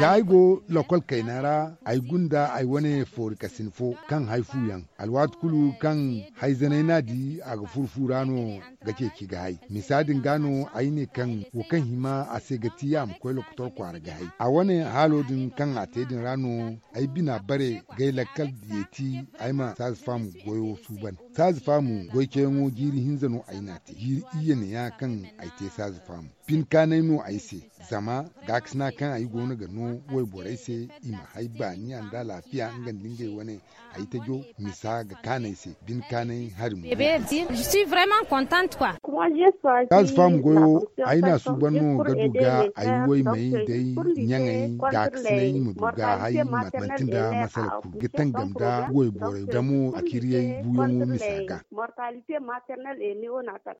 aigo lokal kainara aigunda gunda ay wone for kasinfo kan haifu yan alwat kulu kan haizanai nadi aga furfurano gake ki ga hai misadin gano ay ne kan wukan hima a se gati yam koy lokutor kwar ga hai a wone halodin kan atedin rano ay bina bare gai lakal diyeti ay ma saz famu goyo suban saz famu goy kengo hinzano ay nati giri iya ne ya kan te saz famu pin no zama amma ga kisna kan ayi gona ga no wai borai se ima ba ni anda lafiya ngan dinge wani ayi ta jo misa ga kanai se bin kanai har mu be je suis vraiment contente quoi kas fam go ayi na su banno ga duga ayi wai mai dai nyangai ga kisna mu duga hayi matmantin da masala ku gitan gamda wai borai da mu akiriyai buyon misaga mortalité maternelle et néonatale